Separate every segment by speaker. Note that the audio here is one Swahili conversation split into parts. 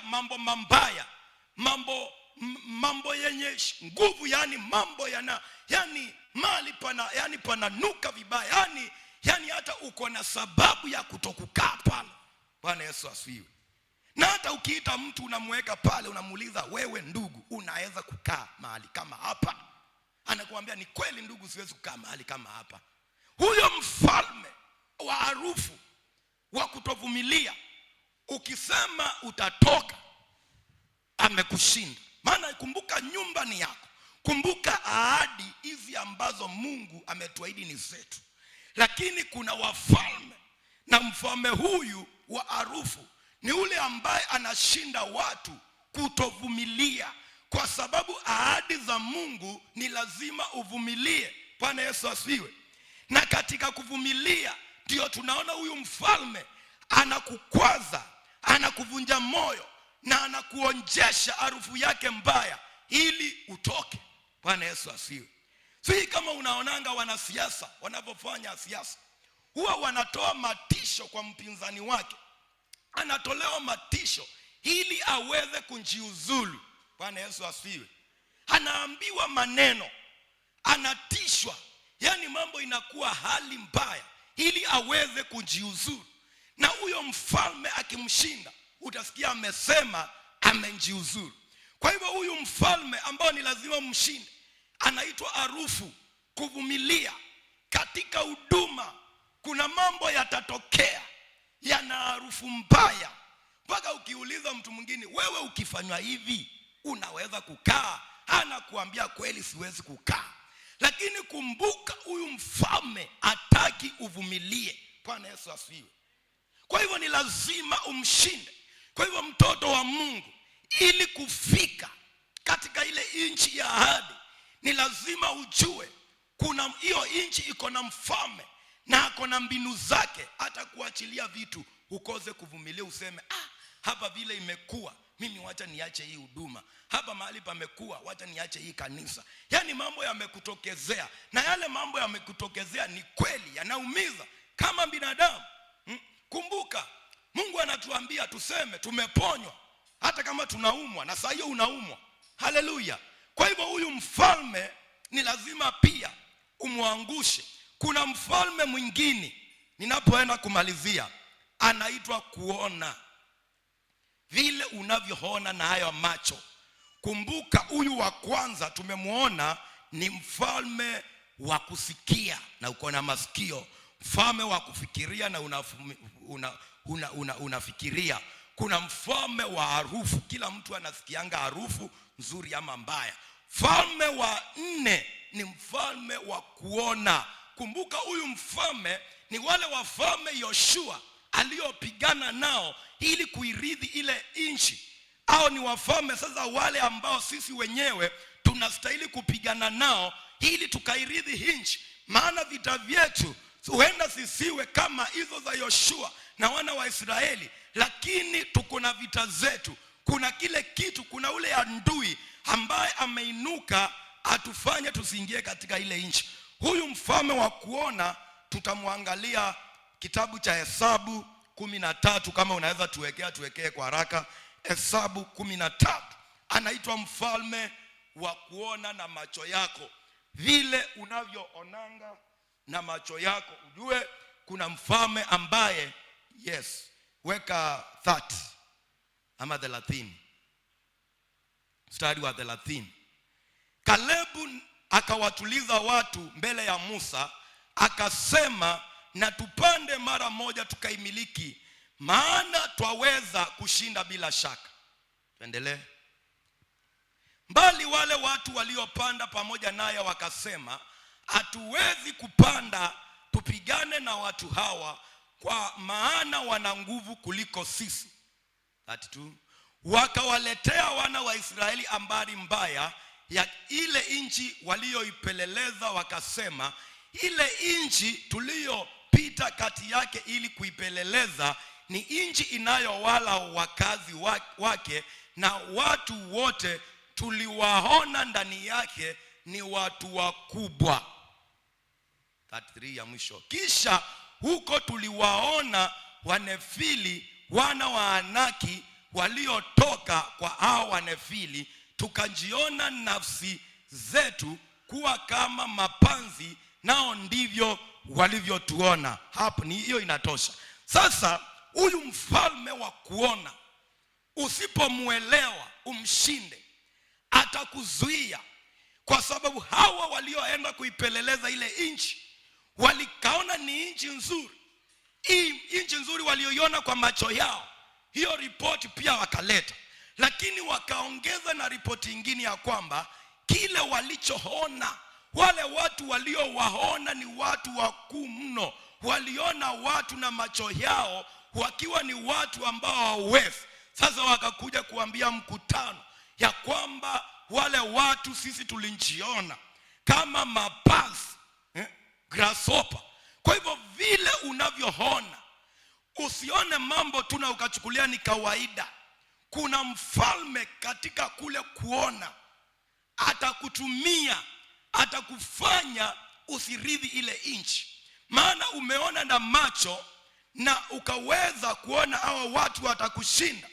Speaker 1: kuleta mambo mambaya, mambo mambo yenye nguvu, yani mambo yana yani mali pana yani pananuka vibaya, yani yani hata uko na sababu ya kutokukaa pale. Bwana Yesu asifiwe. Na hata ukiita mtu unamweka pale, unamuuliza wewe, ndugu, unaweza kukaa mahali kama hapa? Anakuambia ni kweli, ndugu, siwezi kukaa mahali kama hapa. Huyo mfalme wa harufu wa kutovumilia Ukisema utatoka, amekushinda. Maana kumbuka, nyumba ni yako. Kumbuka ahadi hizi ambazo Mungu ametuahidi ni zetu, lakini kuna wafalme, na mfalme huyu wa arufu ni ule ambaye anashinda watu kutovumilia, kwa sababu ahadi za Mungu ni lazima uvumilie. Bwana Yesu asiwe na katika kuvumilia, ndio tunaona huyu mfalme anakukwaza anakuvunja moyo na anakuonjesha harufu yake mbaya ili utoke. Bwana Yesu asiwe. Si kama unaonanga wanasiasa wanavyofanya siasa, huwa wanatoa matisho kwa mpinzani wake, anatolewa matisho ili aweze kujiuzulu. Bwana Yesu asiwe. Anaambiwa maneno, anatishwa, yaani mambo inakuwa hali mbaya ili aweze kujiuzulu na huyo mfalme akimshinda utasikia amesema amenjiuzuru Kwa hivyo huyu mfalme ambao ni lazima mshinde anaitwa arufu, kuvumilia katika huduma. Kuna mambo yatatokea yana harufu mbaya, mpaka ukiuliza mtu mwingine, wewe ukifanywa hivi unaweza kukaa? hana kuambia kweli, siwezi kukaa. Lakini kumbuka, huyu mfalme ataki uvumilie. Bwana Yesu asiwe kwa hivyo ni lazima umshinde. Kwa hivyo mtoto wa Mungu, ili kufika katika ile nchi ya ahadi, ni lazima ujue kuna hiyo nchi iko na mfalme na ako na mbinu zake, hata kuachilia vitu. ukoze kuvumilia, useme ah, hapa vile imekuwa mimi wacha niache hii huduma hapa mahali pamekuwa, wacha niache hii kanisa. Yaani mambo yamekutokezea, na yale mambo yamekutokezea ni kweli, yanaumiza kama binadamu. Kumbuka Mungu anatuambia tuseme tumeponywa hata kama tunaumwa, na saa hiyo unaumwa. Haleluya! Kwa hivyo huyu mfalme ni lazima pia umwangushe. Kuna mfalme mwingine ninapoenda kumalizia, anaitwa kuona vile unavyoona na hayo macho. Kumbuka huyu wa kwanza tumemwona ni mfalme wa kusikia na uko na masikio mfalme wa kufikiria na unafikiria una, una, una, una kuna mfalme wa harufu. Kila mtu anasikianga harufu nzuri ama mbaya. Mfalme wa nne ni mfalme wa kuona. Kumbuka huyu mfalme ni wale wafalme Yoshua aliyopigana nao ili kuirithi ile nchi. au ni wafalme sasa wale ambao sisi wenyewe tunastahili kupigana nao ili tukairithi nchi, maana vita vyetu huenda sisiwe kama hizo za Yoshua na wana wa Israeli, lakini tuko na vita zetu. Kuna kile kitu, kuna ule andui ambaye ameinuka atufanye tusiingie katika ile nchi. Huyu mfalme wa kuona tutamwangalia kitabu cha Hesabu kumi na tatu. Kama unaweza tuwekea, tuwekee kwa haraka. Hesabu kumi na tatu. Anaitwa mfalme wa kuona na macho yako, vile unavyoonanga na macho yako ujue kuna mfalme ambaye yes, weka that ama 30 mstari wa 30. Kalebu akawatuliza watu mbele ya Musa akasema, na tupande mara moja tukaimiliki, maana twaweza kushinda bila shaka. Tuendelee mbali. Wale watu waliopanda pamoja naye wakasema Hatuwezi kupanda tupigane na watu hawa, kwa maana wana nguvu kuliko sisi. 32 wakawaletea wana wa Israeli ambari mbaya ya ile nchi walioipeleleza, wakasema, ile nchi tuliyopita kati yake ili kuipeleleza ni nchi inayowala wakazi wake, na watu wote tuliwaona ndani yake ni watu wakubwa. 33 ya mwisho. Kisha huko tuliwaona Wanefili wana wa Anaki waliotoka kwa hao Wanefili, tukajiona nafsi zetu kuwa kama mapanzi, nao ndivyo walivyotuona. Hapo ni hiyo inatosha. Sasa huyu mfalme wa kuona, usipomwelewa umshinde, atakuzuia kwa sababu hawa walioenda kuipeleleza ile nchi walikaona ni nchi nzuri. Hii nchi nzuri walioiona kwa macho yao, hiyo ripoti pia wakaleta, lakini wakaongeza na ripoti ingine ya kwamba kile walichoona, wale watu waliowaona ni watu wakuu mno, waliona watu na macho yao wakiwa ni watu ambao hawawezi. Sasa wakakuja kuambia mkutano ya kwamba wale watu sisi tulijiona kama mapasi grasshopper. Kwa hivyo vile unavyoona, usione mambo tu na ukachukulia ni kawaida. Kuna mfalme katika kule kuona, atakutumia atakufanya usiridhi ile nchi, maana umeona na macho na ukaweza kuona hawa watu watakushinda,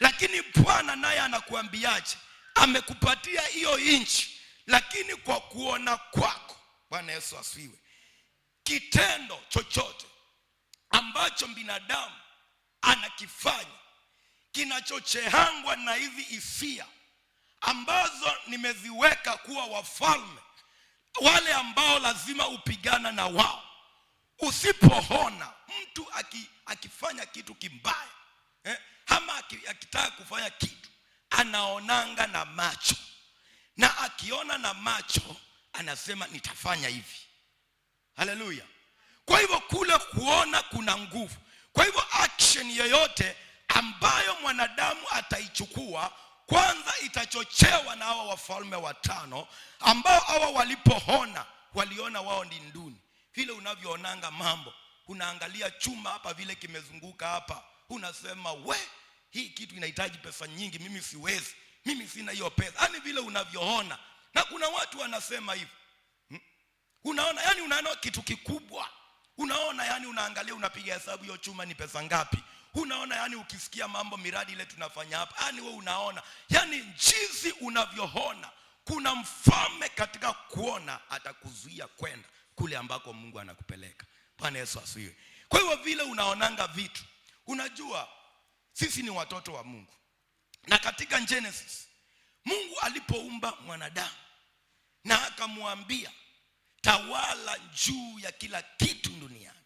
Speaker 1: lakini Bwana naye anakuambiaje? Amekupatia hiyo nchi, lakini kwa kuona kwako. Bwana Yesu asifiwe kitendo chochote ambacho binadamu anakifanya kinachochehangwa na hizi hisia ambazo nimeziweka kuwa wafalme wale ambao lazima upigana na wao. Usipoona mtu akifanya kitu kimbaya eh, ama akitaka kufanya kitu anaonanga na macho, na akiona na macho anasema nitafanya hivi Haleluya! Kwa hivyo kule kuona kuna nguvu. Kwa hivyo action yoyote ambayo mwanadamu ataichukua kwanza itachochewa na hawa wafalme watano ambao hawa walipoona waliona wao ni nduni. Vile unavyoonanga mambo, unaangalia chuma hapa vile kimezunguka hapa, unasema we, hii kitu inahitaji pesa nyingi, mimi siwezi, mimi sina hiyo pesa, yani vile unavyoona. Na kuna watu wanasema hivi Unaona yani, unaona kitu kikubwa, unaona yani, unaangalia unapiga hesabu hiyo chuma ni pesa ngapi, unaona yani, ukisikia mambo miradi ile tunafanya hapa, yani wewe unaona yani, jinsi unavyoona, kuna mfalme katika kuona atakuzuia kwenda kule ambako Mungu anakupeleka. Bwana Yesu asifiwe. Kwa hiyo vile unaonanga vitu, unajua sisi ni watoto wa Mungu, na katika Genesis Mungu alipoumba mwanadamu na akamwambia tawala juu ya kila kitu duniani.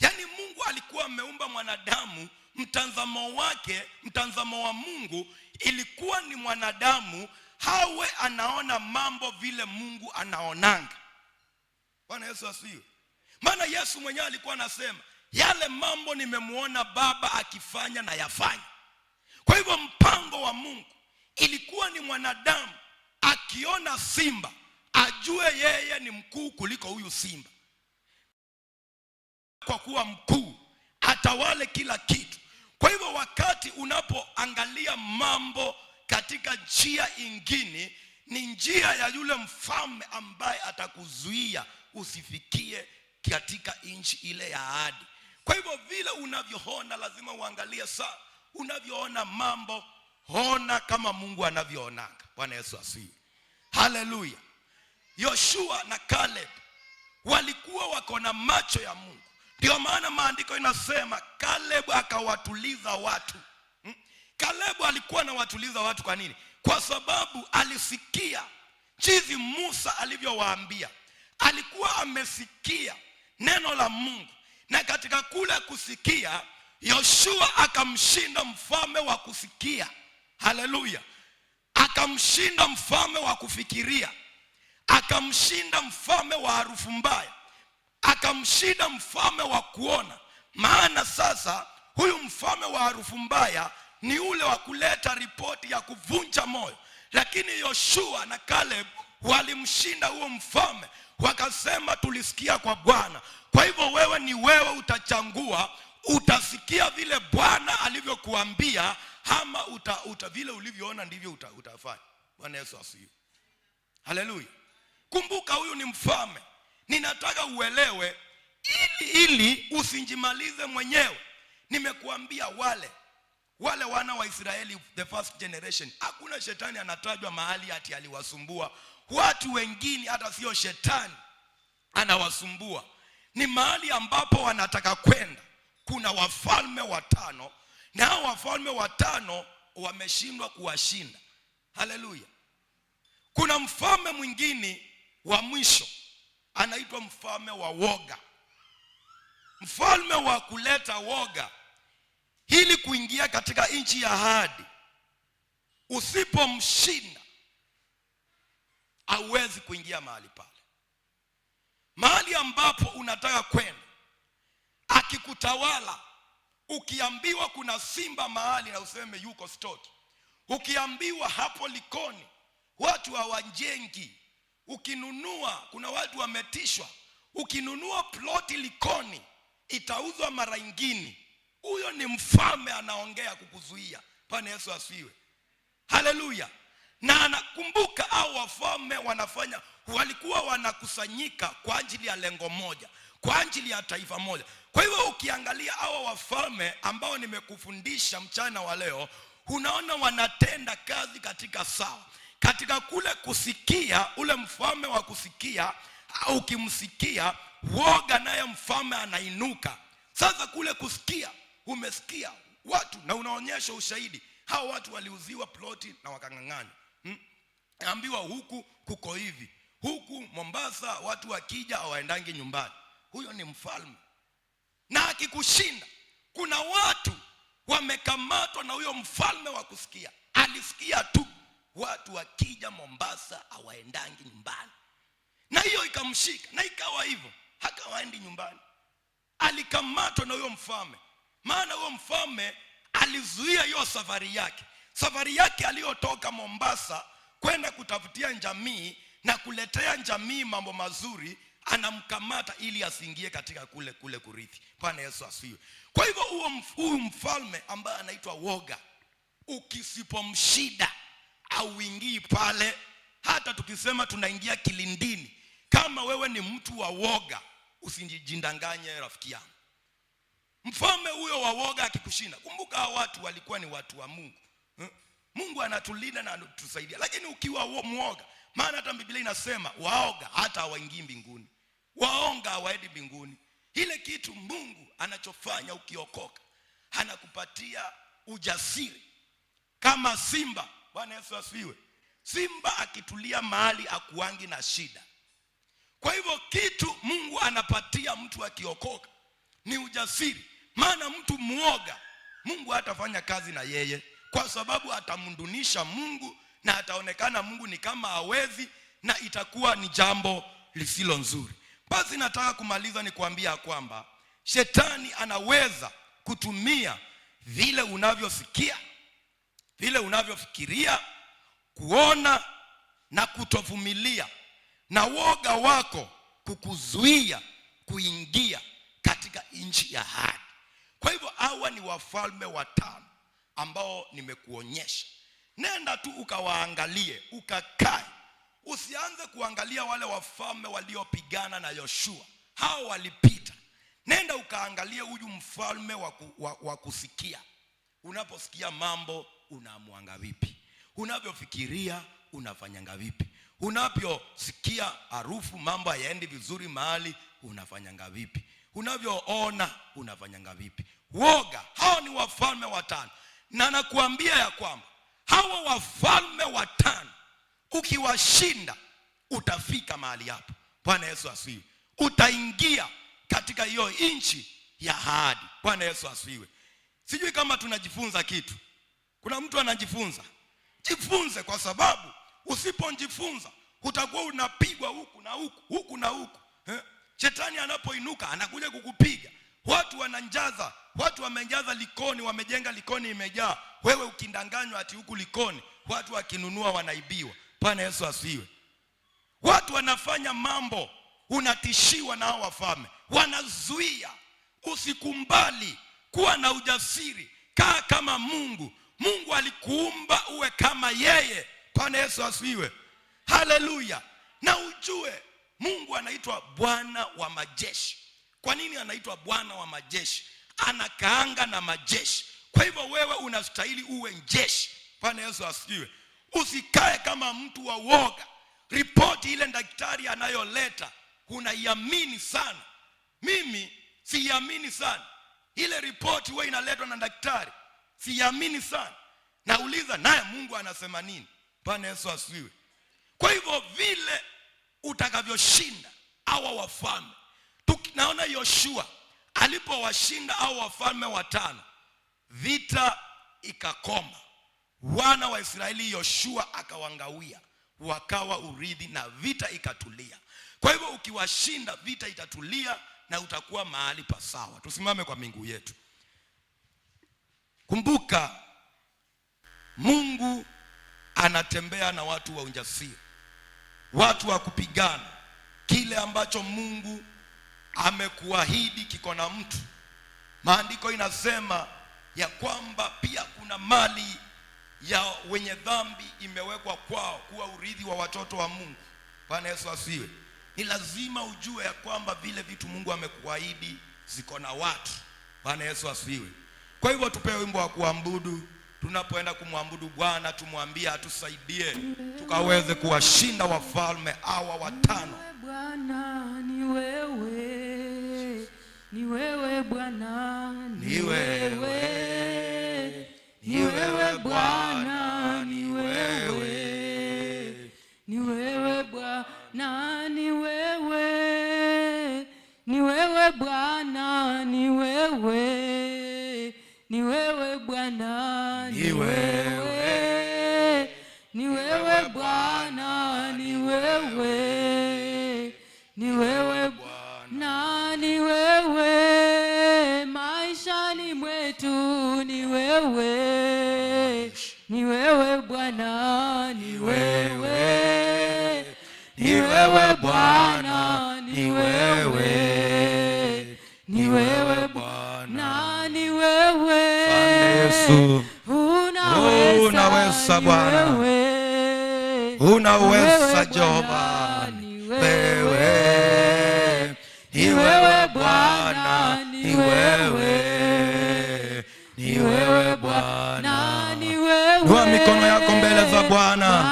Speaker 1: Yaani Mungu alikuwa ameumba mwanadamu, mtazamo wake, mtazamo wa Mungu ilikuwa ni mwanadamu hawe anaona mambo vile Mungu anaonanga. Bwana Yesu asifiwe. Maana Yesu mwenyewe alikuwa anasema yale mambo nimemwona Baba akifanya na yafanya. Kwa hivyo mpango wa Mungu ilikuwa ni mwanadamu akiona simba ajue yeye ni mkuu kuliko huyu simba. Kwa kuwa mkuu atawale kila kitu. Kwa hivyo wakati unapoangalia mambo katika njia ingine, ni njia ya yule mfalme ambaye atakuzuia usifikie katika nchi ile ya ahadi. Kwa hivyo vile unavyoona, lazima uangalie saa unavyoona mambo, ona kama Mungu anavyoonanga. Bwana Yesu asifiwe, haleluya. Yoshua na Caleb walikuwa wako na macho ya Mungu. Ndio maana maandiko inasema Caleb akawatuliza watu. Hmm? Caleb alikuwa anawatuliza watu kwa nini? Kwa sababu alisikia jinsi Musa alivyowaambia. Alikuwa amesikia neno la Mungu, na katika kule kusikia Yoshua akamshinda mfalme wa kusikia. Haleluya! Akamshinda mfalme wa kufikiria akamshinda mfalme wa harufu mbaya, akamshinda mfalme wa kuona. Maana sasa huyu mfalme wa harufu mbaya ni ule wa kuleta ripoti ya kuvunja moyo, lakini Yoshua na Caleb walimshinda huo mfalme, wakasema tulisikia kwa Bwana. Kwa hivyo wewe ni wewe utachangua, utasikia vile Bwana alivyokuambia ama uta, uta vile ulivyoona ndivyo uta, utafanya. Bwana Yesu asifiwe. Haleluya. Kumbuka huyu ni mfalme. Ninataka uelewe ili ili usijimalize mwenyewe. Nimekuambia wale wale wana wa Israeli the first generation, hakuna shetani anatajwa mahali ati aliwasumbua watu wengine, hata sio shetani anawasumbua, ni mahali ambapo wanataka kwenda. Kuna wafalme watano na hao wafalme watano wameshindwa kuwashinda. Haleluya! Kuna mfalme mwingine wa mwisho anaitwa mfalme wa woga, mfalme wa kuleta woga ili kuingia katika nchi ya ahadi. Usipomshinda hauwezi kuingia mahali pale. Mahali ambapo unataka kwenda, akikutawala ukiambiwa kuna simba mahali na useme yuko stoti, ukiambiwa hapo Likoni watu hawajengi ukinunua, kuna watu wametishwa, ukinunua ploti Likoni itauzwa mara ingini Huyo ni mfalme anaongea kukuzuia. pana Yesu asiwe, haleluya. Na anakumbuka au wafalme wanafanya, walikuwa wanakusanyika kwa ajili ya lengo moja, kwa ajili ya taifa moja. Kwa hivyo ukiangalia hao wafalme ambao nimekufundisha mchana wa leo, unaona wanatenda kazi katika sawa katika kule kusikia, ule mfalme wa kusikia, au ukimsikia woga, naye mfalme anainuka. Sasa kule kusikia, umesikia watu na unaonyesha ushahidi, hao watu waliuziwa ploti na naambiwa hmm? ambiwa huku kuko hivi, huku Mombasa watu wakija hawaendangi nyumbani. Huyo ni mfalme, na akikushinda, kuna watu wamekamatwa na huyo mfalme wa kusikia, alisikia tu watu wakija Mombasa hawaendangi nyumbani, na hiyo ikamshika na ikawa hivyo, hakawaendi nyumbani. Alikamatwa na huyo mfalme, maana huyo mfalme alizuia hiyo safari yake, safari yake aliyotoka Mombasa kwenda kutafutia jamii na kuletea jamii mambo mazuri, anamkamata ili asiingie katika kule kule kurithi. Bwana Yesu asifiwe. Kwa hivyo huyu mfalme ambaye anaitwa woga, ukisipomshida auingii pale. Hata tukisema tunaingia kilindini, kama wewe ni mtu wa woga, usijindanganye rafiki yangu. Mfalme huyo wa woga akikushinda, kumbuka hao watu walikuwa ni watu wa Mungu. Hm? Mungu anatulinda na anatusaidia, lakini ukiwa mwoga, maana hata Biblia inasema waoga hata hawaingii mbinguni, waonga hawaendi mbinguni. Ile kitu Mungu anachofanya ukiokoka, anakupatia ujasiri kama simba Bwana Yesu asifiwe. Simba akitulia mahali akuangi na shida. Kwa hivyo kitu Mungu anapatia mtu akiokoka ni ujasiri, maana mtu mwoga Mungu hatafanya kazi na yeye, kwa sababu atamundunisha Mungu na ataonekana Mungu ni kama hawezi, na itakuwa ni jambo lisilo nzuri. Basi nataka kumaliza ni kuambia kwamba shetani anaweza kutumia vile unavyosikia vile unavyofikiria, kuona na kutovumilia, na woga wako kukuzuia kuingia katika nchi ya hadi Kwa hivyo hawa ni wafalme watano ambao nimekuonyesha. Nenda tu ukawaangalie, ukakae, usianze kuangalia wale wafalme waliopigana na Yoshua, hao walipita. Nenda ukaangalie huyu mfalme wa kusikia, unaposikia mambo unaamwanga vipi, unavyofikiria unafanyanga vipi, unavyosikia harufu mambo hayaendi vizuri mahali unafanyanga vipi, unavyoona unafanyanga vipi. Woga hao ni wafalme watano, na nakuambia ya kwamba hawa wafalme watano ukiwashinda utafika mahali hapo. Bwana Yesu asiwe, utaingia katika hiyo nchi ya ahadi. Bwana Yesu asiwe. Sijui kama tunajifunza kitu. Kuna mtu anajifunza, jifunze, kwa sababu usipojifunza utakuwa unapigwa huku na huku huku na huku eh? Shetani anapoinuka anakuja kukupiga. Watu wananjaza, watu wamejaza Likoni, wamejenga Likoni imejaa. Wewe ukindanganywa ati huku Likoni watu wakinunua wanaibiwa. pana Yesu asiwe. Watu wanafanya mambo, unatishiwa na hao wafalme, wanazuia. Usikumbali, kuwa na ujasiri, kaa kama Mungu. Mungu alikuumba uwe kama yeye. Bwana Yesu asiwe haleluya. Na ujue Mungu anaitwa Bwana wa majeshi. Kwa nini anaitwa Bwana wa majeshi? Anakaanga na majeshi. Kwa hivyo wewe unastahili uwe njeshi Bwana Yesu asiwe Usikae kama mtu wa woga. Ripoti ile daktari anayoleta unaiamini sana. Mimi siiamini sana ile ripoti, wewe inaletwa na daktari siamini sana, nauliza naye Mungu anasema nini? Bwana Yesu asiwe. Kwa hivyo vile utakavyoshinda hawa wafalme, tunaona Yoshua alipowashinda au wafalme watano, vita ikakoma. Wana wa Israeli Yoshua akawangawia, wakawa urithi na vita ikatulia. Kwa hivyo ukiwashinda, vita itatulia na utakuwa mahali pa sawa. Tusimame kwa minguu yetu. Kumbuka, Mungu anatembea na watu wa ujasiri, watu wa kupigana. Kile ambacho Mungu amekuahidi kiko na mtu. Maandiko inasema ya kwamba pia kuna mali ya wenye dhambi imewekwa kwao kuwa urithi wa watoto wa Mungu. Bwana Yesu asiwe. Ni lazima ujue ya kwamba vile vitu Mungu amekuahidi ziko na watu. Bwana Yesu asiwe. Kwa hivyo tupewe wimbo wa kuabudu. Tunapoenda kumwabudu Bwana, tumwambie atusaidie tukaweze kuwashinda wafalme hawa watano.
Speaker 2: Bwana ni wewe, ni wewe Bwana, ni wewe, ni wewe Bwana, ni wewe, ni wewe Bwana, ni wewe, ni wewe Bwana Bwana ni wewe, ni wewe Bwana ni wewe, ni wewe Bwana ni wewe, maisha ni mwetu ni wewe, ni wewe Bwana ni wewe, ni wewe Bwana ni wewe, ni wewe
Speaker 1: Yesu, unaweza Bwana, unaweza Jehova, wewe ni wewe Bwana, ni wewe ni wewe Bwana. Inua mikono yako mbele za Bwana,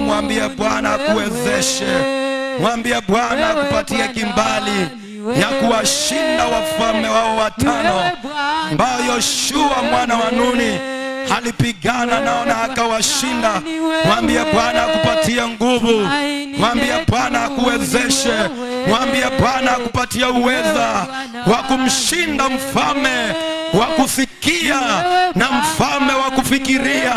Speaker 1: mwambie Bwana akuwezeshe, mwambie Bwana akupatie kimbali na kuwashinda wafalme wao watano ambao Yoshua mwana wa Nuni alipigana nao na akawashinda. Mwambie Bwana akupatie nguvu, mwambie Bwana akuwezeshe, mwambie Bwana akupatie uweza wa kumshinda mfalme wa kusikia na mfalme wa kufikiria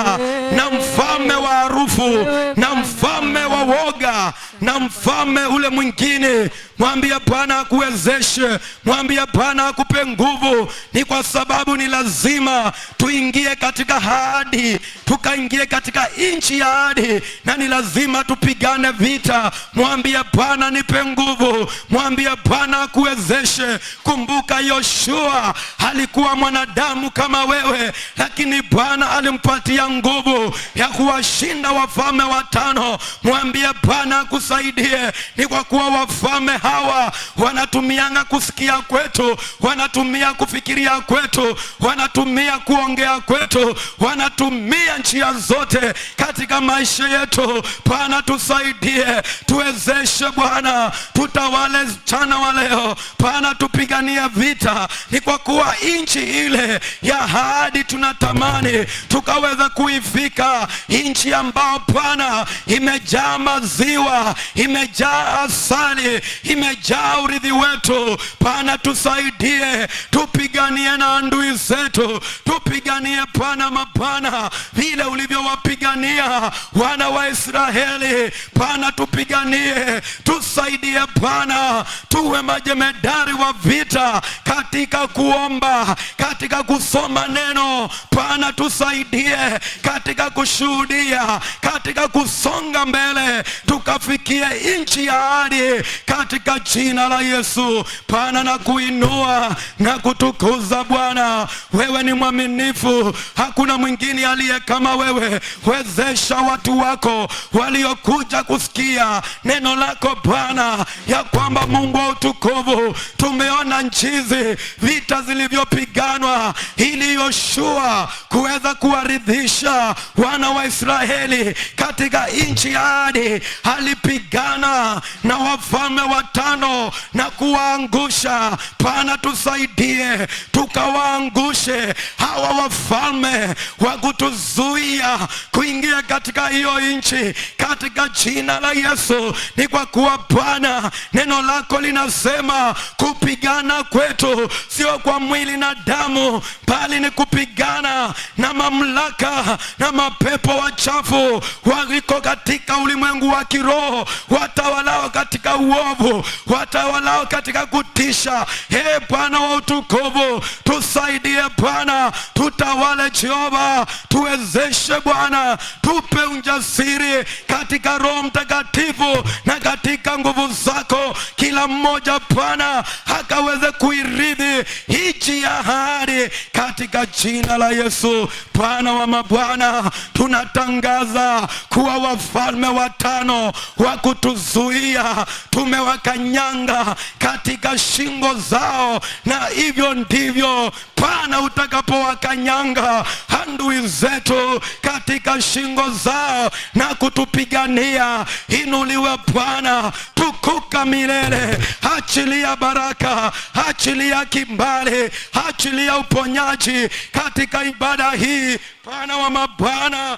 Speaker 1: na mfalme wa harufu na mfalme wa woga na mfalme ule mwingine Mwambie Bwana akuwezeshe, mwambie Bwana akupe nguvu. Ni kwa sababu ni lazima tuingie katika ahadi, tukaingie katika nchi ya ahadi, na ni lazima tupigane vita. Mwambie Bwana nipe nguvu, mwambie Bwana akuwezeshe. Kumbuka Yoshua alikuwa mwanadamu kama wewe, lakini Bwana alimpatia nguvu ya kuwashinda wafalme watano. Mwambie Bwana akusaidie, ni kwa kuwa wafalme hawa wanatumianga kusikia kwetu, wanatumia kufikiria kwetu, wanatumia kuongea kwetu, wanatumia njia zote katika maisha yetu. Bwana tusaidie, tuwezeshe Bwana, tutawale mchana wa leo Bwana, tupigania vita, ni kwa kuwa nchi ile ya ahadi tunatamani tukaweza kuifika, nchi ambao Bwana imejaa maziwa, imejaa asali ime imejaa urithi wetu. Pana tusaidie, tupiganie na adui zetu, tupiganie pana mapana vile ulivyowapigania wana wa Israeli. Pana tupiganie, tusaidie pana tuwe majemedari wa vita katika kuomba, katika kusoma neno. Pana tusaidie katika kushuhudia, katika kusonga mbele, tukafikie nchi ya ahadi katika katika jina la Yesu. Pana na kuinua na kutukuza Bwana, wewe ni mwaminifu, hakuna mwingine aliye kama wewe. Wezesha watu wako waliokuja kusikia neno lako Bwana, ya kwamba Mungu wa utukuvu, tumeona nchizi vita zilivyopiganwa ili Yoshua kuweza kuwaridhisha wana wa Israeli katika nchi hadi alipigana na wafalme wa tano na kuwaangusha. Bwana tusaidie, tukawaangushe hawa wafalme wa kutuzuia kuingia katika hiyo nchi, katika jina la Yesu. Ni kwa kuwa Bwana, neno lako linasema kupigana kwetu sio kwa mwili na damu, bali ni kupigana na mamlaka na mapepo wachafu waliko katika ulimwengu wa kiroho watawalao katika uovu watawalao katika kutisha. e Bwana wa utukufu, tusaidie Bwana, tutawale Jehova, tuwezeshe Bwana, tupe ujasiri katika Roho Mtakatifu na katika nguvu zako, kila mmoja Bwana akaweze kuiridhi hichi ya hari katika jina la Yesu. Bwana wa mabwana, tunatangaza kuwa wafalme watano wa kutuzuia tumewaka nyanga katika shingo zao, na hivyo ndivyo Bwana utakapowakanyanga handui zetu katika shingo zao na kutupigania. Inuliwe Bwana, tukuka milele. Achilia baraka, achilia kimbali, achilia uponyaji katika ibada hii, Bwana wa mabwana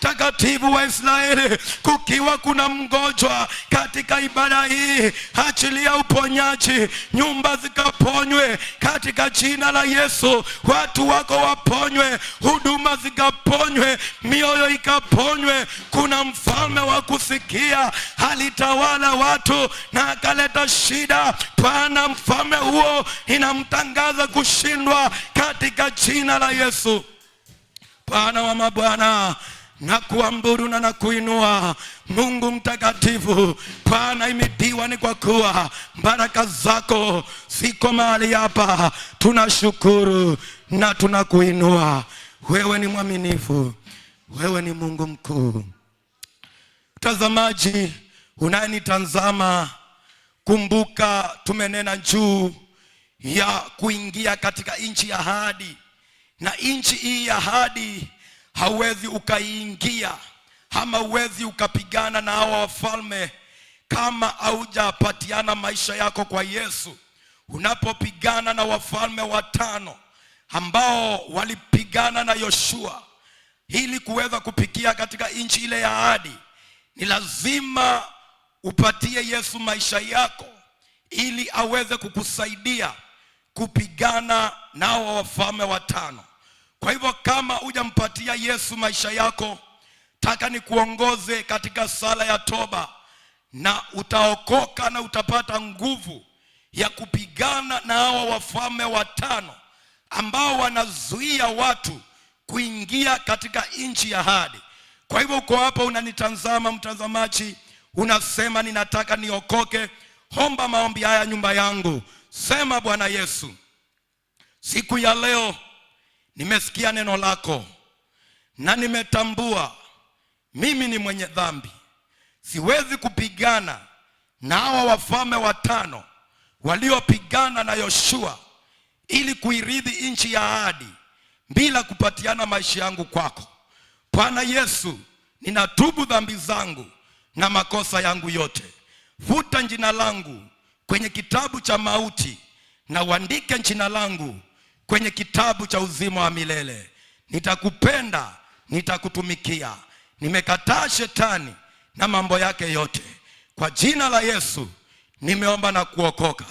Speaker 1: takatifu wa Israeli, kukiwa kuna mgonjwa katika ibada hii, achilia uponyaji, nyumba zikaponywe katika jina la Yesu, watu wako waponywe, huduma zikaponywe, mioyo ikaponywe. Kuna mfalme wa kusikia, alitawala watu na akaleta shida. Bwana, mfalme huo inamtangaza kushindwa katika jina la Yesu. Bwana wa mabwana na kuamburu na nakuinua Mungu mtakatifu. Bwana, imetiwa ni kwa kuwa baraka zako ziko mahali hapa. Tunashukuru na tunakuinua wewe, ni mwaminifu, wewe ni Mungu mkuu. Mtazamaji unayenitazama, kumbuka tumenena juu ya kuingia katika nchi ya ahadi, na nchi hii ya ahadi hauwezi ukaingia ama uwezi ukapigana na hawa wafalme kama haujapatiana maisha yako kwa Yesu. Unapopigana na wafalme watano ambao walipigana na Yoshua ili kuweza kupikia katika nchi ile ya ahadi, ni lazima upatie Yesu maisha yako ili aweze kukusaidia kupigana hawa wafalme watano. Kwa hivyo kama hujampatia Yesu maisha yako, taka nikuongoze katika sala ya toba, na utaokoka na utapata nguvu ya kupigana na hawa wafalme watano ambao wanazuia watu kuingia katika nchi ya ahadi. Kwa hivyo uko hapa unanitazama, mtazamaji, unasema ninataka niokoke, homba maombi haya nyumba yangu. Sema, Bwana Yesu, siku ya leo nimesikia neno lako na nimetambua mimi ni mwenye dhambi. Siwezi kupigana na hawa wafalme watano waliopigana na Yoshua ili kuiridhi nchi ya ahadi bila kupatiana maisha yangu kwako. Bwana Yesu, ninatubu dhambi zangu na makosa yangu yote. Futa jina langu kwenye kitabu cha mauti na uandike jina langu kwenye kitabu cha uzima wa milele. Nitakupenda, nitakutumikia. Nimekataa shetani na mambo yake yote. Kwa jina la Yesu nimeomba na kuokoka.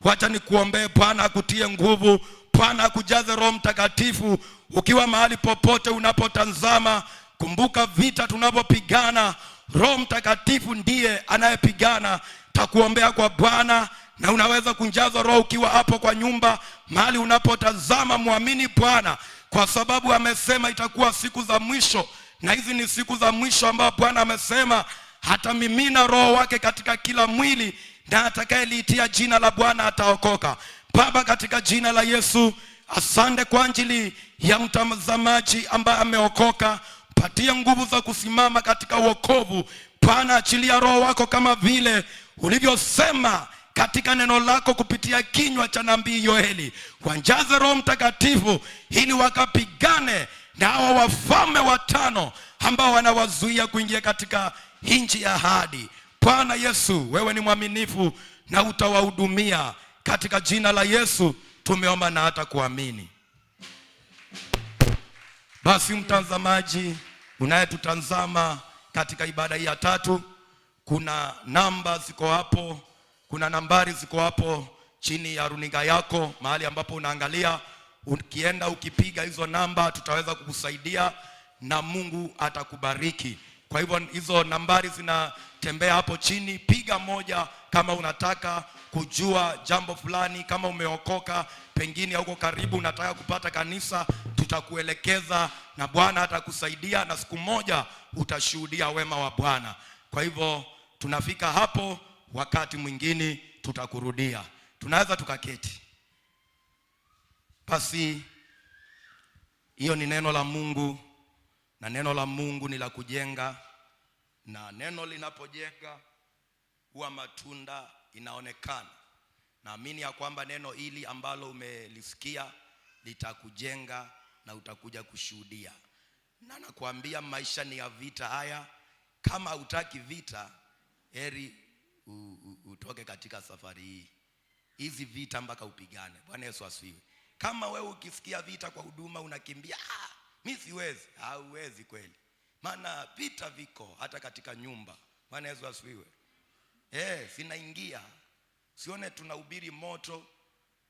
Speaker 1: Wacha nikuombee. Bwana akutie nguvu, Bwana akujaze Roho Mtakatifu. Ukiwa mahali popote unapotazama, kumbuka vita tunavyopigana, Roho Mtakatifu ndiye anayepigana. Takuombea kwa Bwana na unaweza kunjaza roho ukiwa hapo kwa nyumba, mahali unapotazama. Mwamini Bwana kwa sababu amesema itakuwa siku za mwisho, na hizi ni siku za mwisho ambapo Bwana amesema hatamimina roho wake katika kila mwili, na atakayeliitia jina la Bwana ataokoka. Baba, katika jina la Yesu, asante kwa ajili ya mtazamaji ambaye ameokoka. Patia nguvu za kusimama katika wokovu Bwana, achilia roho wako kama vile ulivyosema katika neno lako kupitia kinywa cha nabii Yoeli. Wanjaze Roho Mtakatifu ili wakapigane na hawa wafalme watano ambao wanawazuia kuingia katika nchi ya ahadi. Bwana Yesu, wewe ni mwaminifu na utawahudumia. Katika jina la Yesu tumeomba na hata kuamini. Basi mtazamaji unayetutazama katika ibada hii ya tatu, kuna namba ziko hapo kuna nambari ziko hapo chini ya runinga yako, mahali ambapo unaangalia. Ukienda ukipiga hizo namba, tutaweza kukusaidia na Mungu atakubariki. Kwa hivyo hizo nambari zinatembea hapo chini, piga moja kama unataka kujua jambo fulani, kama umeokoka, pengine uko karibu unataka kupata kanisa, tutakuelekeza na Bwana atakusaidia, na siku moja utashuhudia wema wa Bwana. Kwa hivyo tunafika hapo wakati mwingine tutakurudia. Tunaweza tukaketi basi. Hiyo ni neno la Mungu, na neno la Mungu ni la kujenga, na neno linapojenga huwa matunda inaonekana. Naamini ya kwamba neno hili ambalo umelisikia litakujenga na utakuja kushuhudia, na nakwambia maisha ni ya vita haya. Kama hutaki vita, heri utoke katika safari hii, hizi vita mpaka upigane. Bwana Yesu asifiwe. Kama wewe ukisikia vita kwa huduma unakimbia, ah, mimi siwezi, hauwezi kweli, maana vita viko hata katika nyumba. Bwana Yesu asifiwe. Eh, sinaingia sione, tunahubiri moto,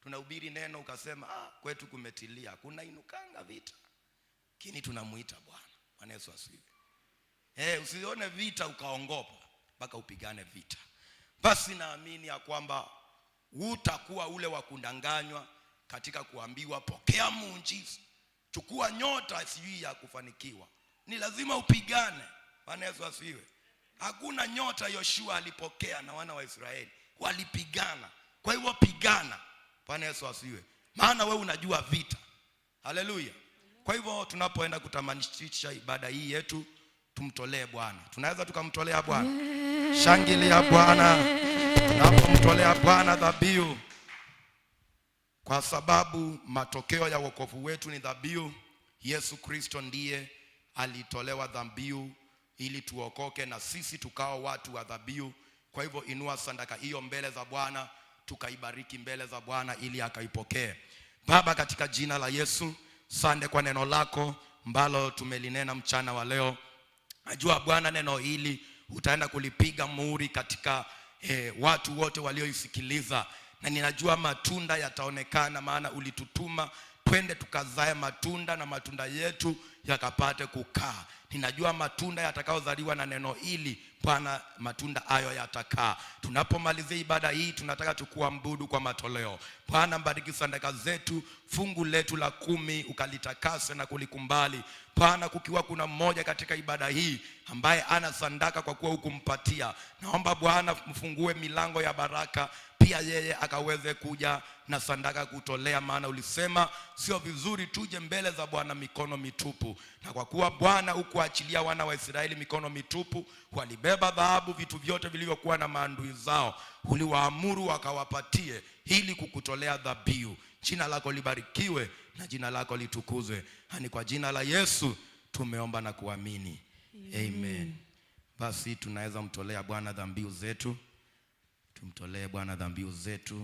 Speaker 1: tunahubiri neno, ukasema ah, kwetu kumetilia, kunainukanga vita, lakini tunamuita Bwana. Bwana Yesu asifiwe. Eh, usione vita ukaongopa, mpaka upigane vita basi naamini ya kwamba hutakuwa ule wa kundanganywa katika kuambiwa pokea muujiza, chukua nyota sijui ya kufanikiwa. Ni lazima upigane. Bwana Yesu asiwe. Hakuna nyota Yoshua alipokea na wana wa Israeli walipigana. Kwa hivyo pigana. Bwana Yesu asiwe, maana wewe unajua vita. Haleluya! Kwa hivyo tunapoenda kutamanisha ibada hii yetu, tumtolee Bwana. Tunaweza tukamtolea Bwana. Shangilia Bwana tunapomtolea Bwana dhabihu, kwa sababu matokeo ya wokovu wetu ni dhabihu. Yesu Kristo ndiye alitolewa dhabihu ili tuokoke na sisi tukawa watu wa dhabihu. Kwa hivyo inua sadaka hiyo mbele za Bwana, tukaibariki mbele za Bwana ili akaipokee. Baba, katika jina la Yesu, sande kwa neno lako ambalo tumelinena mchana wa leo. Najua Bwana neno hili utaenda kulipiga muhuri katika eh, watu wote walioisikiliza, na ninajua matunda yataonekana, maana ulitutuma twende tukazae matunda na matunda yetu yakapate kukaa. Ninajua matunda yatakayozaliwa na neno hili Bwana, matunda hayo yatakaa. Tunapomalizia ibada hii, tunataka tukuabudu kwa matoleo. Bwana, mbariki sadaka zetu, fungu letu la kumi ukalitakase na kulikumbali. Bwana, kukiwa kuna mmoja katika ibada hii ambaye ana sadaka kwa kuwa hukumpatia, naomba Bwana mfungue milango ya baraka pia yeye akaweze kuja na sadaka kutolea, maana ulisema sio vizuri tuje mbele za Bwana mikono mitupu na kwa kuwa Bwana hukuachilia wana wa Israeli mikono mitupu, walibeba dhahabu, vitu vyote vilivyokuwa na maandui zao, uliwaamuru wakawapatie, ili kukutolea dhabihu. Jina lako libarikiwe na jina lako litukuzwe. ani kwa jina la Yesu tumeomba na kuamini amen, amen. Basi tunaweza mtolea Bwana dhambiu zetu, tumtolee Bwana dhambiu zetu.